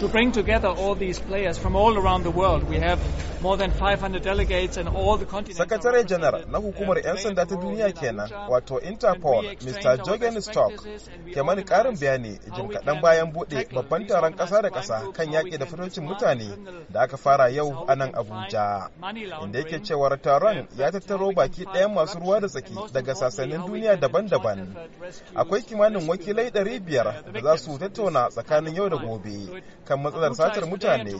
to bring together all these players from all around the world. We have more than 500 delegates and all the continents. Sakatare Janar na hukumar 'yan sanda ta duniya kenan, wato Interpol, Mr. Jorgen Stock, ke mani karin bayani jim kaɗan bayan buɗe babban taron ƙasa da ƙasa kan yaƙi da fitocin mutane da aka fara yau a nan Abuja. Inda yake cewar taron ya tattaro baki ɗayan masu ruwa da tsaki daga sassanin duniya daban-daban. Akwai kimanin wakilai 500 da za su tattauna tsakanin yau da gobe kan matsalar satar mutane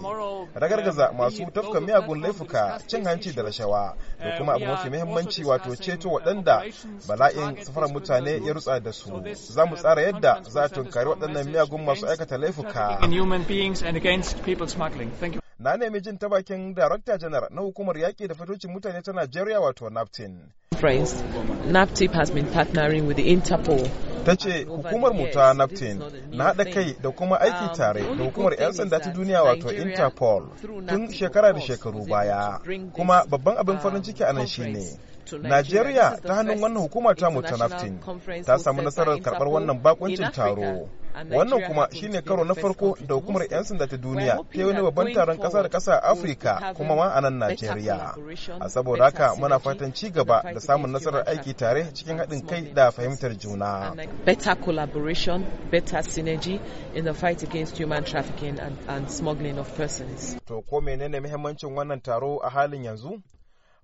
ragargaza masu tafka miyagun laifuka cin hanci da rashawa da uh, kuma abu mafi muhimmanci wato ceto waɗanda bala'in safarar mutane ya rutsa da su za mu uh, tsara yadda za a tunkari waɗannan miyagun masu aikata laifuka na nemi jin ta bakin darakta janar na hukumar yaƙi da fitocin mutane ta najeriya wato naptin naptip has been partnering with the interpol ta ce hukumar mu ta naftin na haɗa kai da kuma aiki tare da hukumar 'yan sanda ta duniya wato interpol tun shekara da shekaru baya kuma babban abin farin ciki a nan shine najeriya ta hannun wannan hukuma ta mu ta naftin ta samu nasarar karɓar wannan bakuncin taro wannan kuma shine karo na farko da hukumar 'yan sanda ta duniya ta wani babban taron kasa da kasa a afirka kuma ma a nan najeriya a saboda haka muna fatan ci gaba da samun nasarar aiki tare cikin haɗin kai da fahimtar juna better collaboration better synergy in the fight against human trafficking and, and smuggling of persons to ko menene muhimmancin wannan taro a halin yanzu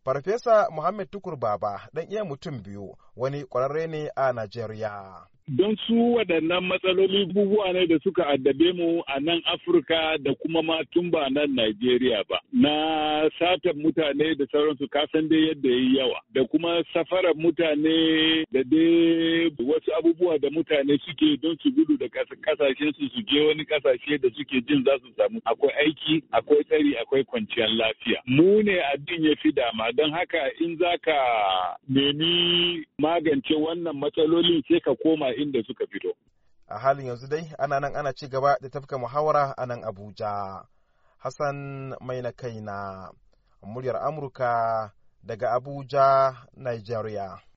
Farfesa Muhammad Tukur Baba ɗan iya mutum biyu wani kwararre ne a Najeriya. don su waɗannan matsaloli bubuwa ne da suka addabe mu a nan Afirka da kuma ma tun ba nan Najeriya ba. Na sata mutane da sauransu kasan dai yadda ya yi yawa da kuma safarar mutane da dai wasu abubuwa da mutane suke don su gudu da kasashen su su je wani kasashe da suke jin za su samu akwai aiki akwai tsari akwai kwanciyar lafiya. Mu ne addin ya fi dama don haka in za ka nemi magance wannan matsalolin sai ka koma inda suka fito. A halin yanzu dai ana nan ana ci gaba da tafka muhawara a nan Abuja. Hassan mai na kaina, muryar Amurka daga Abuja, Nigeria.